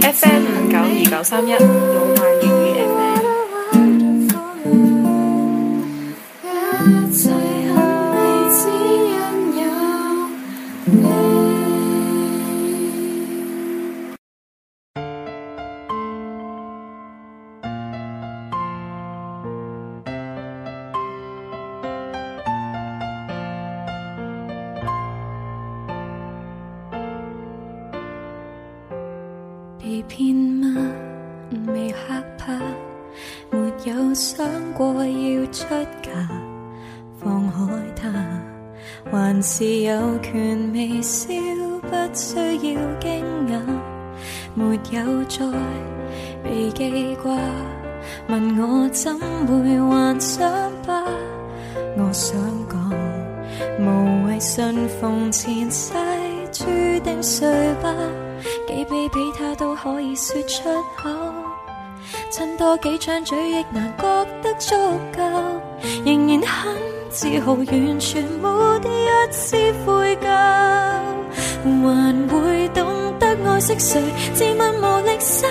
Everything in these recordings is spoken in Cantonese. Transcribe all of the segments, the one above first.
FM 五九二九三一，有慢粵語 FM。都可以說出口，親多幾張嘴亦難覺得足夠，仍然很自豪，完全沒一絲悔疚，還會懂得愛惜誰，自問無力灑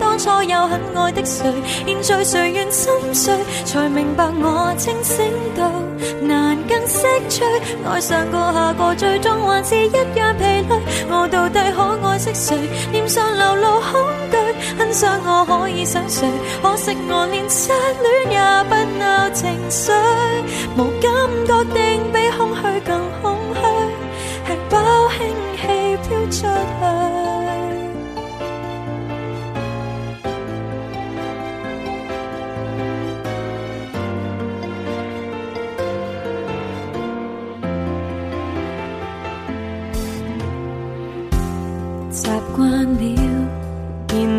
淚。初有很愛的誰，現在誰願心碎？才明白我清醒到難更識趣。愛上過下過，最終還是一樣疲累。我到底可愛惜誰？臉上流露恐懼，很想我可以想誰。可惜我連失戀也不鬧情緒，無感覺定比空虛更空虛，吃飽氫氣飄出去。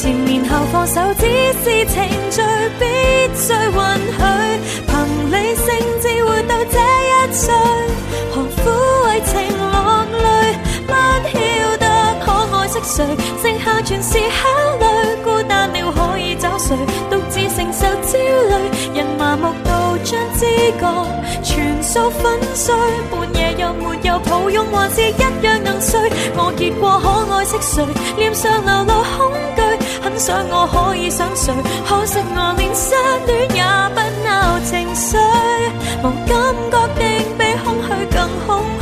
纏綿後放手情緒，只是程序必須允許。憑理性至活到這一歲，何苦為情落淚？不曉得可愛惜誰，剩下全是考慮，孤單了可以找誰？獨自承受焦慮，人麻木到。將知覺全數粉碎，半夜又沒有抱擁，還是一樣能睡。我結過，可愛識誰？臉上流露恐懼，很想我可以想誰？可惜我連失戀也不鬧情緒，無感覺定比空虛更恐懼。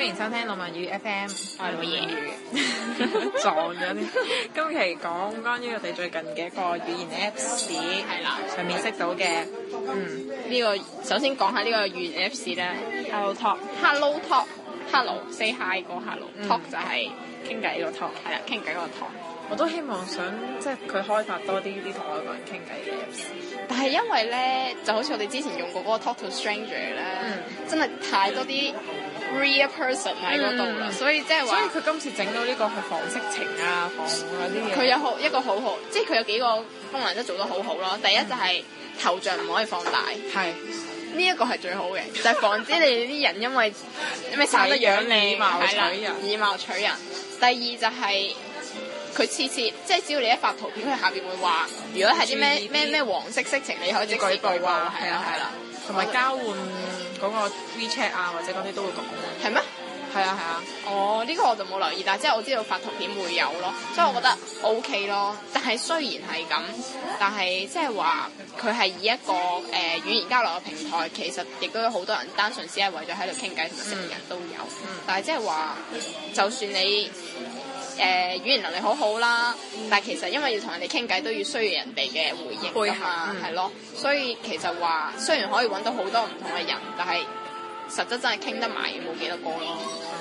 歡迎收聽《羅文語 FM》。我係羅文語撞咗。今期講關於我哋最近嘅一個語言 Apps 係啦，上面識到嘅。嗯。呢個首先講下呢個語言 Apps 咧。Hello Talk。Hello Talk。Hello，say hi 過 Hello Talk 就係傾偈個 talk。係啊，傾偈個 talk。我都希望想即係佢開發多啲啲同外國人傾偈嘅 Apps。但係因為咧，就好似我哋之前用過嗰個 Talk to Stranger 咧，真係太多啲。r e a person 喺嗰度啦，所以即係話，所以佢今次整到呢個係防色情啊，防啲嘢、嗯。佢、嗯、有好一個好好，即係佢有幾個功能都做得好好咯。第一就係頭像唔可以放大，係呢一個係最好嘅， 就防止你啲人因為因為曬得樣你係啦，以貌、 嗯、取人。第二就係、是。佢次次即係只要你一發圖片，佢下邊會話。如果係啲咩咩咩黃色色情，你開始講呢句話。係啊係啦，同埋交換嗰個 WeChat 啊，或者嗰啲都會講。係咩？係啊係啊。哦，呢個我就冇留意，但係即係我知道發圖片會有咯，所以我覺得 OK 咯。但係雖然係咁，但係即係話佢係以一個誒語言交流嘅平台，其實亦都有好多人單純只係為咗喺度傾偈，同埋識人都有。嗯。但係即係話，就算你。誒、呃、語言能力好好啦，但係其實因為要同人哋傾偈都要需要人哋嘅回應啊，係是咯，所以其實話雖然可以搵到好多唔同嘅人，但係實質真係傾得埋冇幾多個咯。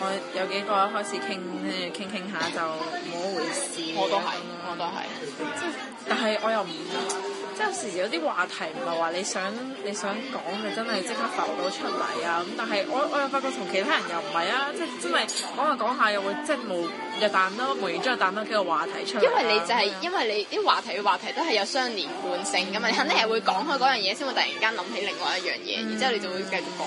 我有幾個開始傾，跟住傾傾下就冇一回事，啊我。我都係，嗯、我都係。即係，但係我又唔，即係有時有啲話題唔係話你想你想講就真係即刻浮到出嚟啊！咁但係我我又發覺同其他人又唔係啊，即係真係講下講下又會即係冇又彈多，無緣無故彈多幾個話題出嚟。因為你就係、是、樣因為你啲話題與話題都係有相連貫性噶嘛，嗯、你肯定係會講開嗰樣嘢先會突然間諗起另外一樣嘢，嗯、然之後你就會繼續講。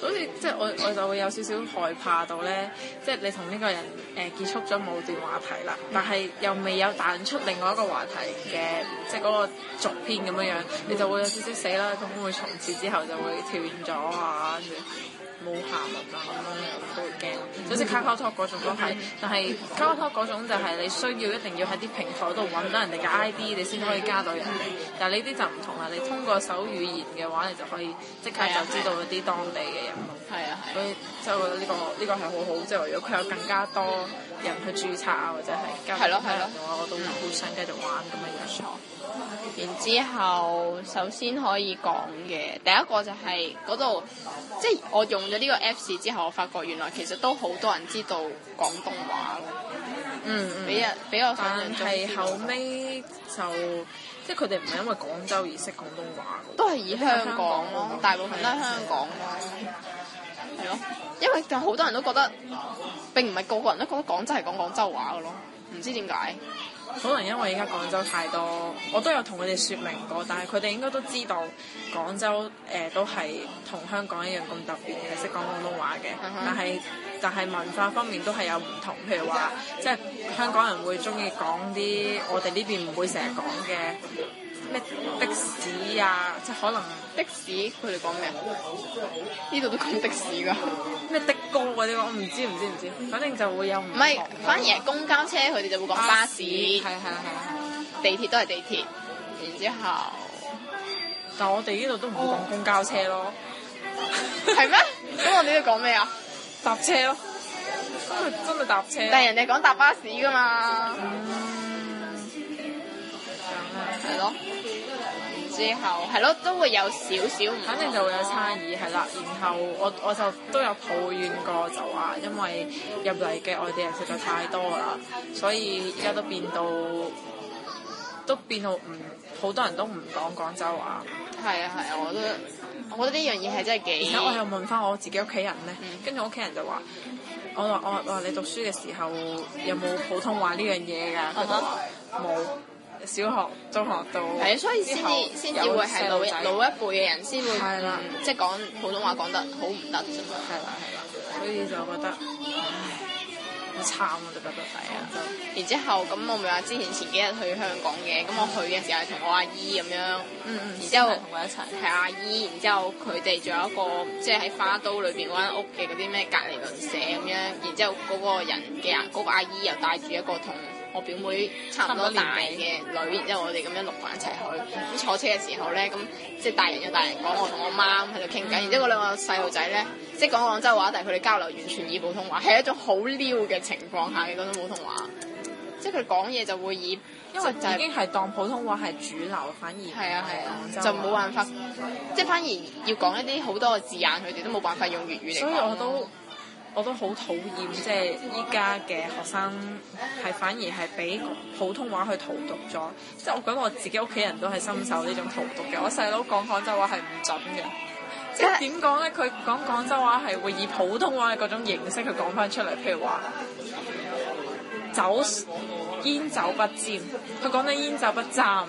好似即係我我就會有少少害怕到咧，即係你同呢個人誒、呃、結束咗冇段話題啦，但係又未有彈出另外一個話題嘅，即係嗰個續篇咁樣樣，你就會有少少死啦，咁會從此之後就會斷咗啊，跟住。冇喊啊，咁樣都會驚。好似卡卡托嗰種都係，但係卡卡托嗰種就係你需要一定要喺啲平台度揾到人哋嘅 ID，你先可以加到人哋。但係呢啲就唔同啦，你通過手語言嘅話，你就可以即刻就知道嗰啲當地嘅人。係啊，啊，啊所，所以即係我覺得呢個呢、呢個係好好，即係如果佢有更加多。人去註冊啊，或者係加入嘅話，我都好想繼續玩咁嘅樣菜。然之後，首先可以講嘅第一個就係嗰度，即係我用咗呢個 Apps 之後，我發覺原來其實都好多人知道廣東話咯、嗯。嗯比嗯，比我想像中。反正係後尾就，即係佢哋唔係因為廣州而識廣東話都係以香港咯，港大部分都係香港咯。的係咯，因為其實好多人都覺得並唔係個個人都覺得廣州係講廣州話嘅咯，唔知點解，可能因為而家廣州太多，我都有同佢哋説明過，但係佢哋應該都知道廣州誒、呃、都係同香港一樣咁特別嘅，識講廣東話嘅、uh huh.，但係但係文化方面都係有唔同，譬如話即係香港人會中意講啲我哋呢邊唔會成日講嘅。Uh huh. 咩的士啊，即可能的士，佢哋講咩？呢度都講的士噶。 咩的哥嗰啲我唔知唔知唔知。反正就會有唔。唔係，反而係公交車，佢哋就會講巴士。係係係係。是是是是地鐵都係地鐵，然之後，但我哋呢度都唔會講公交車咯、哦。係咩？ 咁我哋呢度講咩啊？搭 車咯。真係真係搭車。但係人哋講搭巴士噶嘛。嗯係咯，之後係咯，都會有少少反正就會有差異，係啦、哦。然後我我就都有抱怨過，就話因為入嚟嘅外地人實在太多啦，所以依家都變到都變到唔好多人都唔講廣州話。係啊係啊，我都我覺得呢樣嘢係真係幾。而家我又問翻我自己屋企人咧，跟住屋企人就話，我話我話你讀書嘅時候有冇普通話呢樣嘢㗎？佢話冇。小學、中學都係啊、嗯，所以先至先至會係老，老一輩嘅人先會，了嗯、即係講普通話講得好唔得啫嘛。係啦係啦，所以就覺得唉，好慘啊！啲得。仔啊，然之後咁，我咪話之前前幾日去香港嘅，咁我去嘅時候係同我阿姨咁樣，嗯然之後同佢一齊，係阿姨，然之後佢哋仲有一個即係喺花都裏邊間屋嘅嗰啲咩隔離鄰舍咁樣，然之後嗰個人嘅人，嗰、嗰個嗰個阿姨又帶住一個同。我表妹差唔多大嘅女，然之後我哋咁樣六個一齊去。咁坐車嘅時候咧，咁即係大人有大人講，我同我媽喺度傾偈。然之後嗰兩個細路仔咧，即係講廣州話，但係佢哋交流完全以普通話，係一種好撩嘅情況下嘅嗰種普通話。即係佢講嘢就會以，因為就已經係當普通話係主流，反而係啊係啊，就冇辦法，即係反而要講一啲好多嘅字眼，佢哋都冇辦法用粵語嚟講。我都好討厭，即係依家嘅學生係反而係俾普通話去荼毒咗，即係我覺得我自己屋企人都係深受呢種荼毒嘅。我細佬講廣州話係唔準嘅，即係點講咧？佢講廣州話係會以普通話嘅嗰種形式去講翻出嚟，譬如話酒煙酒不沾，佢講緊煙酒不沾啊，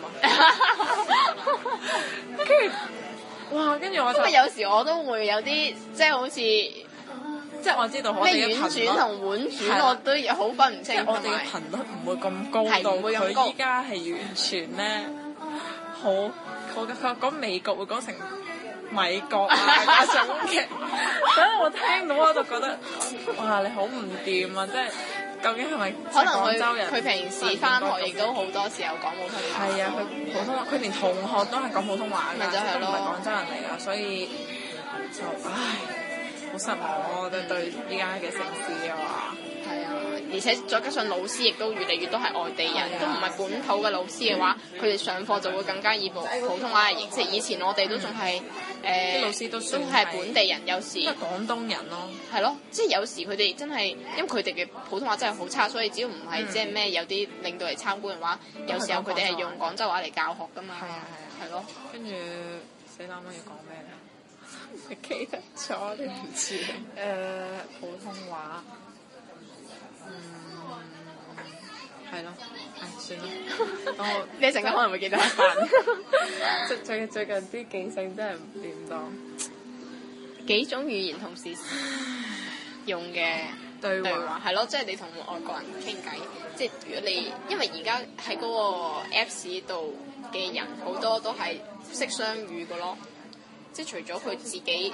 跟住、 okay，哇，跟住我就。咁有時我都會有啲即係好似。即係我知道我哋嘅頻率，即係我都好分唔清，我哋嘅頻率唔會咁高度，佢依家係完全咧，好我佢講美國會講成米國啊咁嘅，所以我聽到我就覺得哇，你好唔掂啊！即係究竟係咪可能？廣州人？佢平時返學亦都好多時候講普通話。係啊，佢普通話，佢連同學都係講普通話㗎，佢唔係廣州人嚟㗎，所以就唉。好失望咯！我覺得對依家嘅城市嘅話，係啊，而且再加上老師亦都越嚟越多係外地人，都唔係本土嘅老師嘅話，佢哋上課就會更加以普普通話。即係以前我哋都仲係誒，啲老師都算係本地人，有時都係廣東人咯。係咯，即係有時佢哋真係，因為佢哋嘅普通話真係好差，所以只要唔係即係咩有啲領導嚟參觀嘅話，有時候佢哋係用廣州話嚟教學噶嘛。係啊係啊，係咯。跟住死撚乜要講咩？唔記得咗，對唔住誒。普通話，嗯，係咯、啊，唉、啊，算啦。我呢陣間可能會記得。即最 最近啲記性真係唔掂當。幾種語言同時用嘅對話係咯，即係 話、就是、你同外國人傾偈，即、就、係、是、如果你因為而家喺嗰個 Apps 度嘅人好多都係識雙語嘅咯。即係除咗佢自己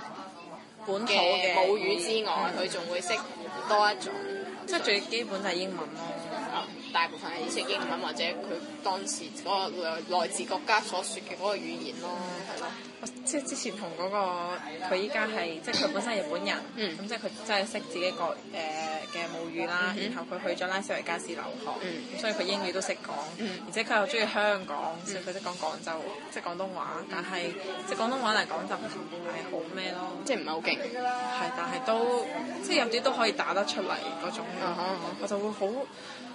本土嘅母語之外，佢仲會識多一種，即係最基本就係英文咯、啊。大部分係識英文或者佢當時嗰個來自國家所說嘅嗰個語言咯，係咯。即係之前同嗰個佢依家係即係佢本身日本人，咁即係佢真係識自己個誒嘅母語啦。然後佢去咗拉斯維加斯留學，所以佢英語都識講，而且佢又中意香港，所以佢識講廣州即係廣東話。但係即係廣東話嚟講就唔係好咩咯，即係唔係好勁，係但係都即係有啲都可以打得出嚟嗰種，我就會好。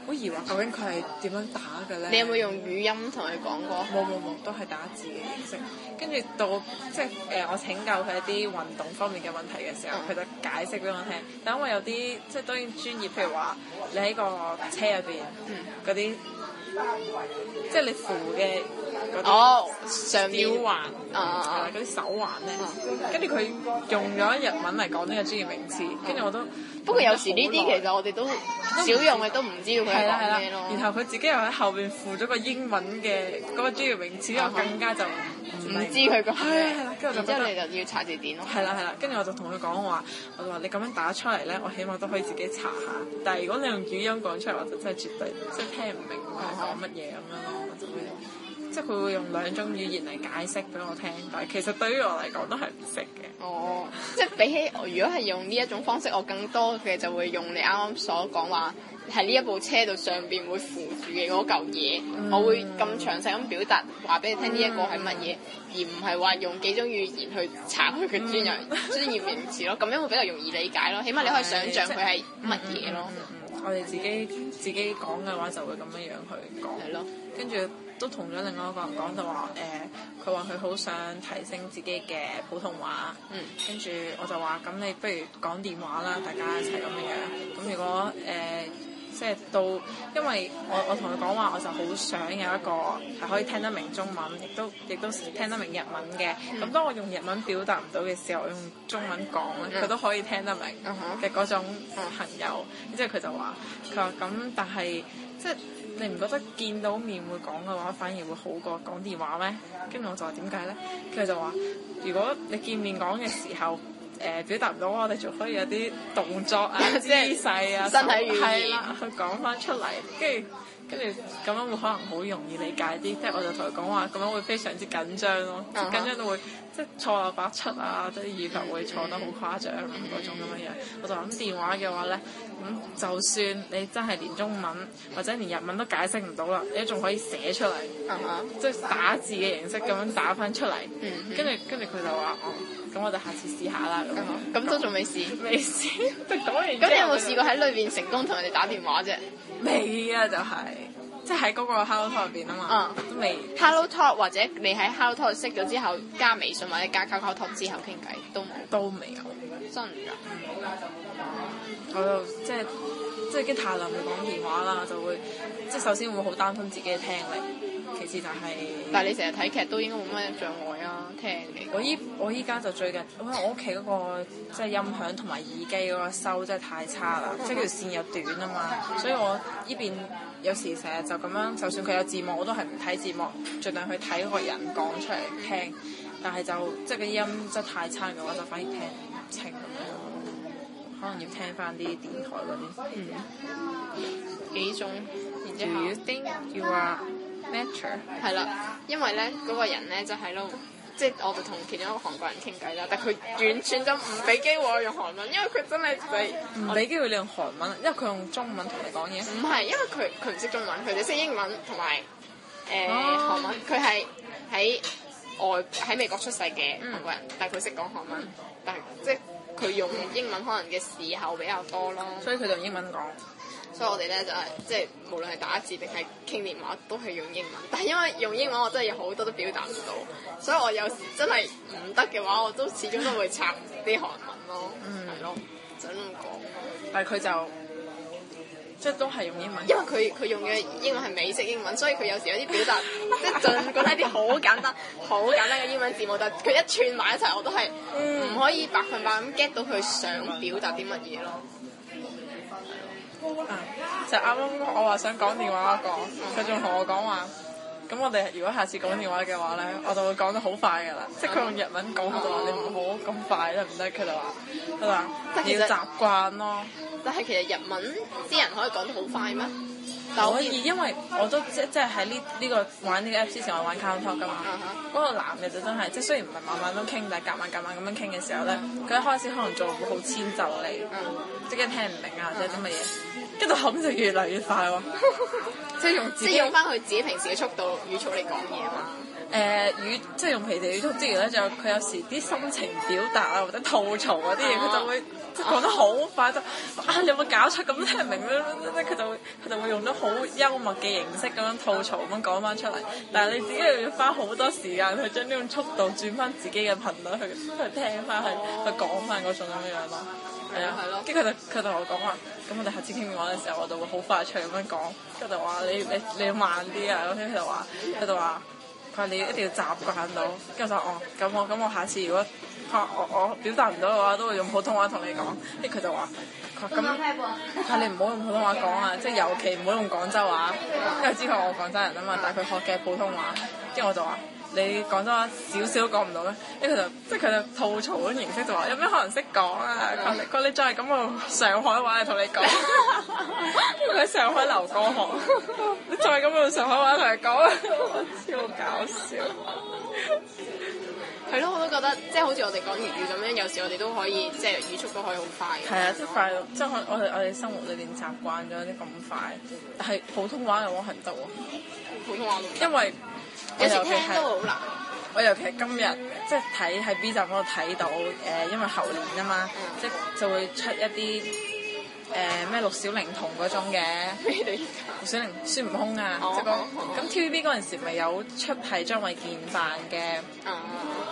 好疑惑，哦、究竟佢係點樣打嘅咧？你有冇用語音同佢講過？冇冇冇，都係打字嘅形式。跟住到即係誒、呃，我請教佢一啲運動方面嘅問題嘅時候，佢、嗯、就解釋俾我聽。但因為有啲即係當然專業，譬如話你喺個車入邊嗰啲。嗯即係你扶嘅嗰啲吊環，係啲橫、啊、手環咧，跟住佢用咗日文嚟講呢個專業名詞，跟住、嗯、我都不過有時呢啲其實我哋都少用嘅，都唔知道佢係講咩咯。然後佢自己又喺後邊附咗個英文嘅嗰個專業名詞，嗯、我更加就。嗯嗯唔知佢講係啦，跟住之後你就要查字典咯。係啦係啦，跟住我就同佢講話，我就話你咁樣打出嚟咧，我起碼都可以自己查下。但係如果你用語音講出嚟，我就真係絕對即係、就是、聽唔明佢講乜嘢咁樣咯。即係佢會用兩種語言嚟解釋俾我聽，但係其實對於我嚟講都係唔識嘅。哦， 即係比起如果係用呢一種方式，我更多嘅就會用你啱啱所講話。喺呢一部車度上邊會扶住嘅嗰嚿嘢，嗯、我會咁詳細咁表達話俾你聽呢一個係乜嘢，而唔係話用幾種語言去查佢嘅專業、嗯、專業名詞咯，咁樣會比較容易理解咯，起碼你可以想像佢係乜嘢咯。我哋自己自己講嘅話就會咁樣樣去講，了跟住都同咗另外一個人講，就話誒，佢話佢好想提升自己嘅普通話，跟住、嗯、我就話咁你不如講電話啦，大家一齊咁樣，咁如果誒。呃即係到，因為我我同佢講話，我就好想有一個係可以聽得明中文，亦都亦都聽得明日文嘅。咁當我用日文表達唔到嘅時候，我用中文講，佢都可以聽得明嘅嗰種朋友。即、嗯、之後佢就話：佢話咁，但係即係你唔覺得見到面會講嘅話，反而會好過講電話咩？跟住我就話點解咧？佢就話：如果你見面講嘅時候，誒、呃、表達唔到，我哋仲可以有啲動作啊、 姿勢啊、身體語言、啊，去講翻出嚟。跟住，跟住咁樣會可能好容易理解啲。即、就、係、是、我就同佢講話，咁樣會非常之緊張咯、啊，uh huh. 緊張到會即係、就是、錯漏百出啊，即係語法會錯得好誇張嗰、啊、種咁嘅樣。我就諗電話嘅話咧，咁就算你真係連中文或者連日文都解釋唔到啦，你仲可以寫出嚟啊，即係、uh huh. 打字嘅形式咁樣打翻出嚟。跟住、uh，跟住佢就話我。咁我就下次試下啦。咁、嗯、都仲未試？未試。 咁 你有冇試過喺裏邊成功同人哋打電話啫？未啊，就係、是。即係喺嗰個 HelloTalk 入邊啊嘛。嗯。都未。HelloTalk 或者你喺 HelloTalk 識咗之後、嗯、加微信或者加 KakaoTalk 之後傾偈都冇。都未啊！有真㗎的。嗯、我就即係。就是即係跟泰林講電話啦，就會即係首先會好擔心自己嘅聽力，其次就係、是，但係你成日睇劇都應該冇乜障礙啊，聽嘅。我依我依家就最近，我屋企嗰個即係音響同埋耳機嗰個收真係太差啦，嗯、即係條線又短啊嘛，嗯、所以我依邊有時成日就咁樣，就算佢有字幕我都係唔睇字幕，儘量去睇嗰個人講出嚟聽，但係就即係嗰啲音質太差嘅話，就反而聽唔清咁樣。可能要聽翻啲電台嗰啲，嗯、幾種。然之後 you think you are mature，係啦，因為咧嗰、嗰個人咧就喺度，即係我哋同其中一個韓國人傾偈啦。但佢完全都唔俾機會我用韓文，因為佢真係唔俾機會你用韓文，我因為佢用中文同你講嘢。唔係，因為佢佢唔識中文，佢哋識英文同埋誒韓文。佢係喺外喺美國出世嘅韓國人，嗯、但佢識講韓文，嗯、但係即係。佢用英文可能嘅時候比較多咯，所以佢就用英文講。所以我哋咧就係、是、即係無論係打字定係傾電話都係用英文，但係因為用英文我真係有好多都表達唔到，所以我有時真係唔得嘅話，我都始終都會插啲韓文咯，嗯，係咯，就咁講。但係佢就。即係都係用英文，因為佢佢用嘅英文係美式英文，所以佢有時有啲表達， 即係儘管係啲好簡單、好簡單嘅英文字母，但佢一串埋一齊，我都係唔可以百分百咁 get 到佢想表達啲乜嘢咯。就啱啱我話想講電話我，我講，佢仲同我講話，咁我哋如果下次講電話嘅話咧，我就會講得好快噶啦。嗯、即係佢用日文講，我、嗯、就話你唔好咁快得唔得？佢就話得啦，要習慣咯。但係其實日文啲人可以講得好快咩？可以，因為我都即即係喺呢呢個玩呢個 app 之前，我玩 c o u n t a 路託噶嘛。嗰、uh huh. 個男嘅就真係，即雖然唔係晚晚都傾，但係隔晚隔晚咁樣傾嘅時候咧，佢、uh huh. 一開始可能做會好遷就你，uh huh. 即係聽唔明啊或者啲乜嘢，跟住冚就越嚟越快喎、啊。Uh huh. 即用自己即用翻佢自己平時嘅速度語速嚟講嘢嘛。誒語、呃、即係用平時語速，之餘咧就佢有時啲心情表達啊或者吐槽嗰啲嘢，佢、uh huh. 就會。講得好快就啊！你有冇搞錯咁聽唔明咩？嗯」咧佢就佢就會用咗好幽默嘅形式咁樣吐槽咁樣講翻出嚟。但係你自己又要花好多時間去將呢種速度轉翻自己嘅頻率去去聽翻去去講翻嗰種咁樣樣、嗯、咯。係啊，係咯。跟住佢就佢同我講話，咁我哋下次傾電話嘅時候，我就會好快脆咁樣講。跟住就話你你你要慢啲啊！跟住佢就話佢就話佢話你一定要習慣到。跟住就哦，咁我咁我下次如果。啊、我我表達唔到嘅話，都會用普通話同你講。跟住佢就話，咁，佢、啊、你唔好用普通話講啊！即係尤其唔好用廣州話，因為知道我廣州人啊嘛。但係佢學嘅普通話，跟住我就話你廣州話少少都講唔到咩？跟住佢就即係佢就吐槽嘅形式就話：有咩可能識講啊？佢你再咁用上海話嚟同你講，因為 上海流江河，你再咁用上海話嚟講，我超搞笑。 係咯，我都覺得即係好似我哋講粵語咁樣，有時我哋都可以即係語速都可以好快。係啊對，即係快咯，即係我我哋我哋生活裏面習，習慣咗啲咁快，但係普通話又冇咁得喎。普通話因為有時聽都好難。我尤其，尤其今日即係睇喺 B 站嗰度睇到，誒，因為猴年啊嘛，即係、嗯、就，就會出一啲。誒咩、呃、六小齡童嗰種嘅，六小齡孫悟空啊，即係講咁 T V B 嗰陣時咪有出係張衛健扮嘅，uh,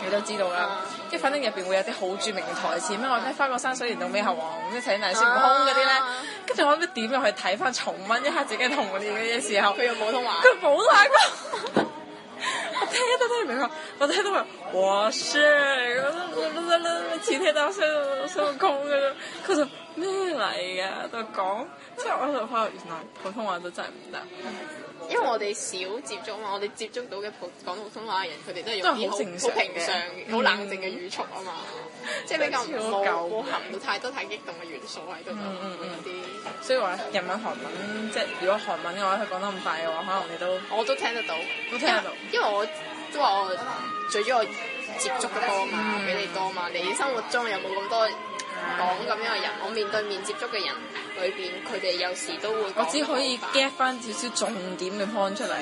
你都知道啦。即係反正入邊會有啲好著名嘅台詞咩，我睇翻個山水連到美猴王，咩請來孫悟空嗰啲咧。跟住我諗點樣去睇翻重温一下自己童年嘅時候，佢用普通話，佢普通話。我聽得聽唔明啊！我聽到話哇塞，咁樣咁樣咁樣似聽到孫孫悟空嗰種。佢就咩嚟啊？就講，即係我， 我就發覺原來普通話都真係唔得。因為我哋少接觸啊嘛，我哋接觸到嘅普講普通話嘅人，佢哋都係用好正常、好平常、好、嗯、冷靜嘅語速啊嘛。 即係比較唔夠含唔到太多太激動嘅元素喺度，啲所以話日文韓文、嗯、即係如果韓文嘅話，佢講得咁快嘅話，可能你都我都聽得到，都聽得到，因為我都話我最鍾意接觸得多啊嘛，比、嗯、你多啊嘛。你生活中有冇咁多講咁樣嘅人？啊、我面對面接觸嘅人裏邊，佢哋有時都會我只可以 get 返少少重點嘅 point 出嚟，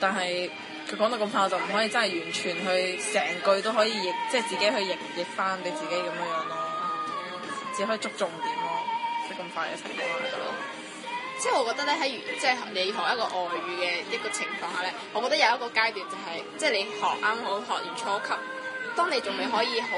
但係。佢講到咁快，我就唔可以真係完全去成句都可以譯，即係自己去譯譯翻俾自己咁樣樣咯，只可以捉重點咯。喺咁快嘅情況下咯，嗯嗯、即係我覺得咧，喺即係你學一個外語嘅一個情況下咧，我覺得有一個階段就係、是，即、就、係、是、你學啱好學完初級，當你仲未可以好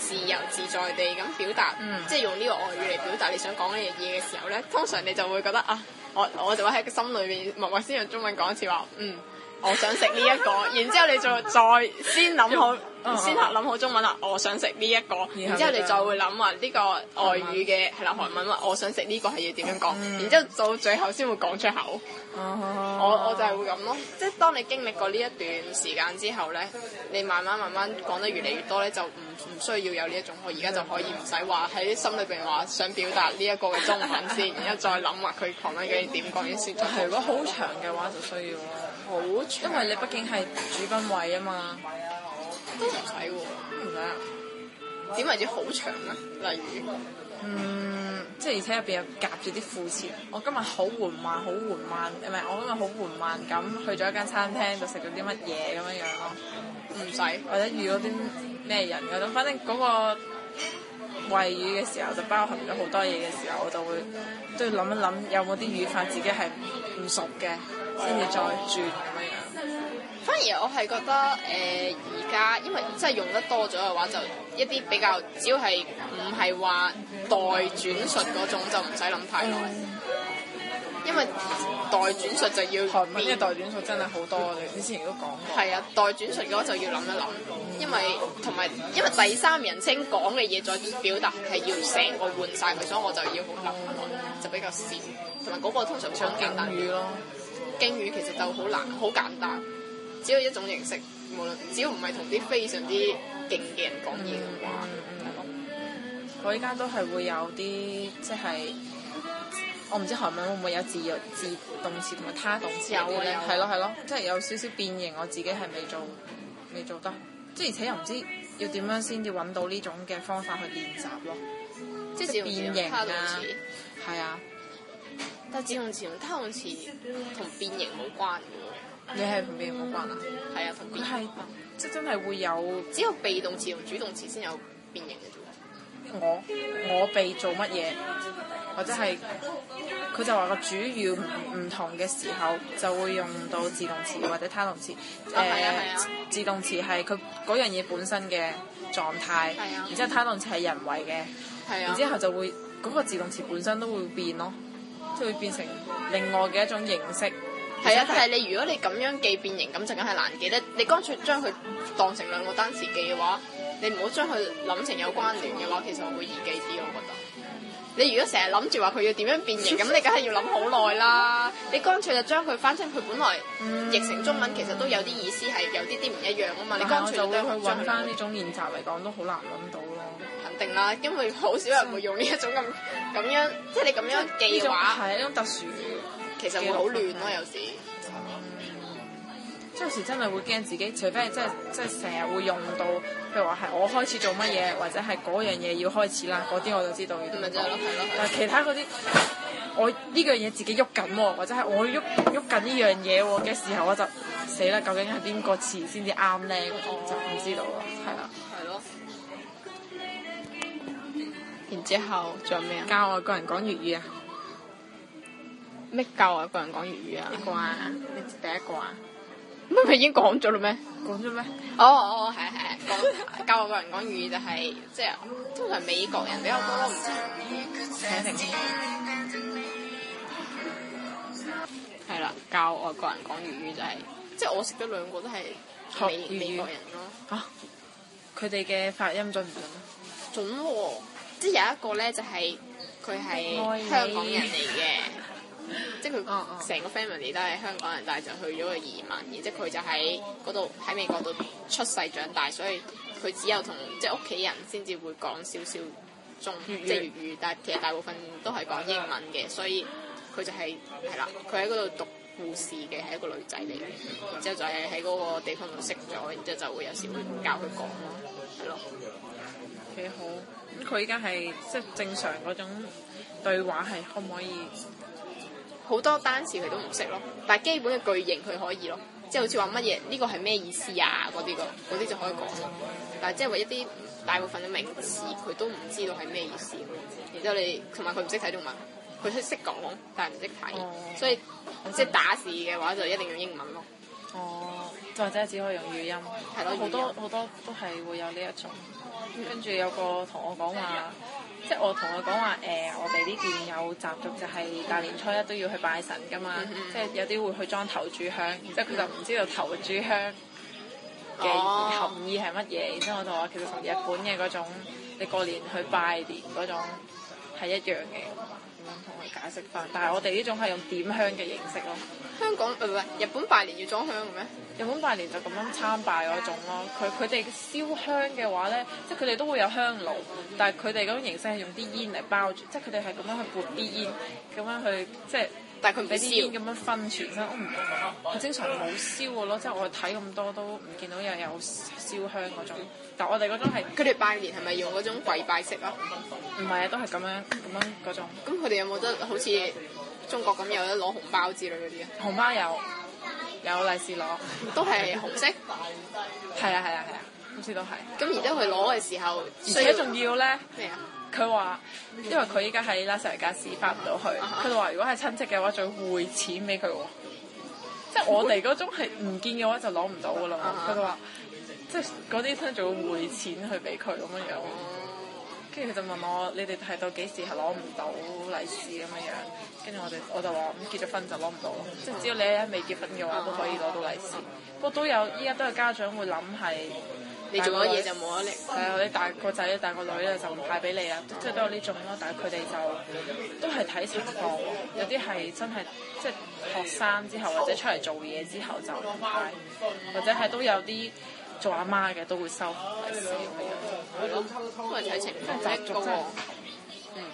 自由自在地咁表達，嗯、即係用呢個外語嚟表達你想講嘅嘢嘅時候咧，通常你就會覺得啊，我我就會喺個心裏邊默默先用中文講一次話，嗯。我想食呢一個，然之後你再再先諗好，嗯、先下諗好中文啦。嗯、我想食呢一個，然之後你再會諗話呢個外語嘅係啦，韓文話我想食呢個係要點樣講，嗯、然之後到最後先會講出口。嗯嗯、我我就係會咁咯，即係當你經歷過呢一段時間之後咧，你慢慢慢慢講得越嚟越多咧，就唔唔需要有呢一種，我而家就可以唔使話喺心裏邊話想表達呢一個嘅中文先，嗯、然之後再諗話佢韓文嘅點講先。如果好長嘅話就需要、啊。好，因為你畢竟係主賓位啊嘛，係啊，都唔使喎，唔使啊。點、啊、為止好長咧、啊？例如，嗯，即係而且入邊又夾住啲副詞。我今日好緩慢，好緩慢，唔係我今日好緩慢咁去咗一間餐廳度食咗啲乜嘢咁樣樣咯，唔使。 或者遇到啲咩人嗰反正嗰、那個。謂語嘅時候就包含咗好多嘢嘅時候，我就會都要諗一諗有冇啲語法自己係唔熟嘅，先至再轉咁樣。嗯、反而我係覺得誒而家因為真係用得多咗嘅話，就一啲比較只要係唔係話代轉述嗰種，就唔使諗太耐。嗯。因為代轉述就要面嘅代轉述真係好多，我哋、嗯、之前都講過。係啊，代轉述嘅話就要諗一諗，因為同埋因為第三人稱講嘅嘢再表達係要成個換晒佢，所以我就要好諗、嗯、就比較少。同埋嗰個通常會講敬語咯，敬語其實就好難，好簡單，只要一種形式，無論只要唔係同啲非常之勁嘅人講嘢嘅話，話嗯。嗯。我依家都係會有啲即係。就是我唔知韓文會唔會有自由自動詞同埋他動詞有、啊，係咯係咯，即係有少少變形。我自己係未做，未做得。即而且又唔知要點樣先至揾到呢種嘅方法去練習咯，即自動自動自動變形啊，係啊。的但自動詞同他動詞同變形冇關嘅喎。你係同變形冇關啊？係啊、嗯，同變形。即真係會有，只有被動詞同主動詞先有變形嘅。我我被做乜嘢，或者係，佢就話個主要唔同嘅時候，就會用到自動詞或者他動詞。誒、啊，呃啊啊、自動詞係佢嗰樣嘢本身嘅狀態，係啊，然之後他動詞係人為嘅，係啊，然之後就會嗰、那個自動詞本身都會變咯，即係會變成另外嘅一種形式。係啊，式但係你如果你咁樣記變形，咁就梗係難記得。你乾脆將佢當成兩個單詞記嘅話。你唔好將佢諗成有關聯嘅話，我其實會易記啲，我覺得。Yeah. 你如果成日諗住話佢要點樣變形，咁 你梗係要諗好耐啦。你乾脆就將佢，反正佢本來譯成中文，其實都有啲意思係有啲啲唔一樣啊嘛。嗯、你乾脆對著。我會就會去揾翻呢種練習嚟講，都好難諗到咯。肯定啦，因為好少人會用呢一種咁咁 樣，即係你咁樣記嘅話。呢種係呢種，種特殊語，其實會好亂咯，有時。有時真係會驚自己，除非真係真係成日會用到，譬如話係我開始做乜嘢，或者係嗰樣嘢要開始啦，嗰啲我就知道。咪就係咯，係咯。但係其他嗰啲，我呢、呢樣嘢自己喐緊喎，或者係我喐喐緊呢樣嘢喎嘅時候，我就死啦！究竟係邊個詞先至啱咧？哦、就唔知道啦，係啊。係咯。了然之後仲有咩啊？教外國人講粵，粵語啊？咩教外國人講粵語啊？邊個啊？第一個啊？噉咪已經講咗嘞咩？講咗咩？哦哦，係係，教外國人講粵語就係，即係通常美國人比較多。停唔知，先。係啦，教外國人講粵語就係、是、即係我識得兩個都係美魚美國人咯。嚇、啊！佢哋嘅發音準準準唔準啊？準喎，即係有一個咧，就係佢係香港人嚟嘅。即係佢成個 family 都係香港人，但係就去咗個移民，然之後佢就喺嗰度喺美國度出世長大，所以佢只有同即係屋企人先至會講少少中即係粵語，但係其實大部分都係講英文嘅，所以佢就係、係、係啦，佢喺嗰度讀故事嘅係一個女仔嚟嘅，然之後就係喺嗰個地方度識咗，然之後就會有時會教佢講咯，係咯幾好咁。佢而家係即係正常嗰種對話係可唔可以？好多單詞佢都唔識咯，但係基本嘅句型佢可以咯，即係好似話乜嘢呢個係咩意思啊嗰啲個嗰啲就可以講咯，但係即係話一啲大部分嘅名詞佢都唔知道係咩意思，然之後你同埋佢唔識睇中文，佢識識講但係唔識睇，哦、所以、嗯、即係打字嘅話就一定要用英文咯，哦，或者只可以用語音，係咯對，好多好 多都係會有呢一種。嗯、跟住有個同我講話，即、就、係、是、我同佢講話誒，我哋呢邊有習俗就係大年初一都要去拜神噶嘛，嗯嗯，即係有啲會去裝頭炷香，然之後佢就唔知道頭炷香嘅含義係乜嘢，然之後我同佢話其實同日本嘅嗰種你過年去拜年嗰種係一樣嘅。同佢解釋翻，但係我哋呢種係用點香嘅形式咯。香港，唔、呃、唔，日本拜年要裝香嘅咩？日本拜年就咁樣參拜嗰種咯。佢佢哋燒香嘅話咧，即係佢哋都會有香爐，但係佢哋嗰種形式係用啲煙嚟包住，即係佢哋係咁樣去撥啲煙，咁樣去即係。就是但佢唔俾啲煙咁樣分全身，我唔，我經常冇燒嘅咯。即係我睇咁多都唔見到又有燒香嗰種，種。但係我哋嗰種係，佢哋拜年係咪用嗰種跪拜式咯？唔係啊，都係咁樣咁樣嗰種。咁佢哋有冇得好似中國咁有得攞紅包之類嗰啲啊？紅包有，有利 是攞，都係紅色。係 啊係啊係啊，好似都係。咁然後佢攞嘅時候，而家仲要咧咩啊？佢話，因為佢依家喺拉斯維加斯翻唔到去，佢就話如果係親戚嘅話,話，就要匯錢俾佢喎。即係我哋嗰種係唔見嘅話就攞唔到噶咯。佢就話，即係嗰啲親就要匯錢去俾佢咁樣樣。跟住佢就問我，你哋睇到幾時係攞唔到利是咁樣樣？跟住我哋，我就話，咁結咗婚就攞唔到咯。嗯、即係只要你一日未結婚嘅話，都、啊、可以攞到利是。嗯、不過都有依家都有家長會諗係。你做咗嘢就冇咗力，係啊！啲大個仔、大個女咧就唔派俾你啊，即係都有呢種咯。但係佢哋就都係睇情況，有啲係真係即係學生之後或者出嚟做嘢之後就唔派，或者係都有啲做阿媽嘅都會收少，都係睇情況。嗯。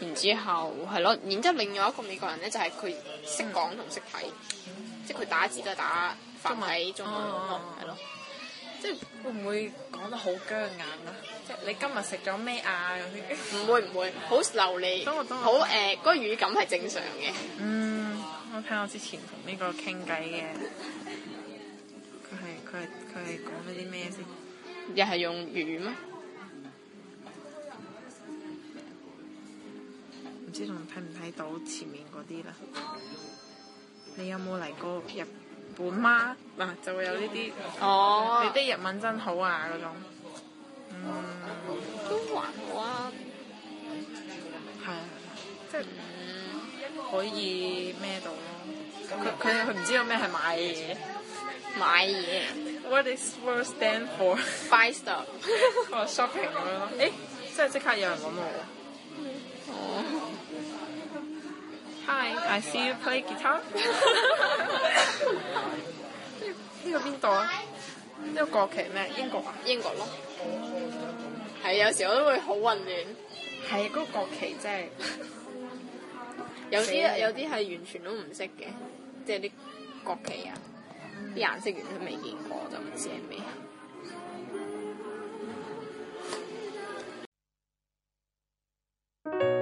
然之後係咯，然之後另外一個美國人咧就係佢識講同識睇，即係佢打字就打繁體中文咯，係咯。即係會唔會講得好僵硬啊？即係你今日食咗咩啊？咁樣唔會唔會好流利，多我多我好誒，嗰、呃嗰個語感係正常嘅。嗯，我睇我之前同呢個傾偈嘅，佢係佢佢係講咗啲咩先？又係用粵語咩？唔知仲睇唔睇到前面嗰啲啦？你有冇嚟過入？本媽嗱就會有呢啲，哦，你啲日文真好啊嗰種，嗯都還好啊，係即係、嗯、唔可以咩到咯？佢佢佢唔知道咩係買嘢，買嘢。What is word stand for? Buy stuff。shopping 咁樣咯？誒、 欸，真係即刻有人揾我。Hi，I see you play guitar。呢個邊度啊？呢個國旗咩？英國啊？英國咯。係、嗯、有時候都會好混亂。係啊，嗰、嗰個國旗真係 有啲有啲係完全都唔識嘅，即係啲國旗啊，啲顏、嗯、色完全未見過，就唔知係咩。嗯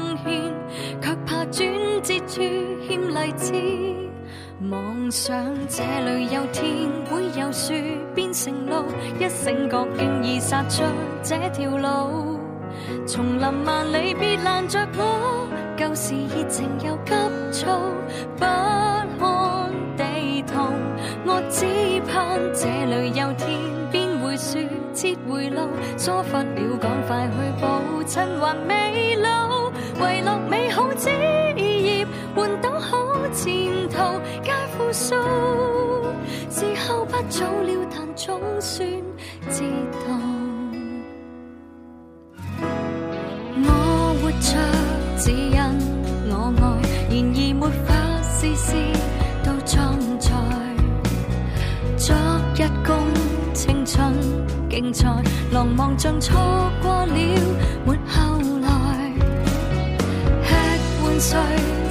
處欠勵志，妄想這裏有天會有樹變成路，一醒覺竟已殺出這條路。叢林萬里別攔着我，舊時熱情又急躁，不看地圖，我只盼這裏有天變回樹結回路。錯忽了，趕快去補，趁還未老，遺落美好之。前途皆負數，時候不早了，但總算知道 我活着只因我愛，然而沒法事事都裝載。昨日共青春競賽，浪漫像錯過了沒後來，吃碗碎。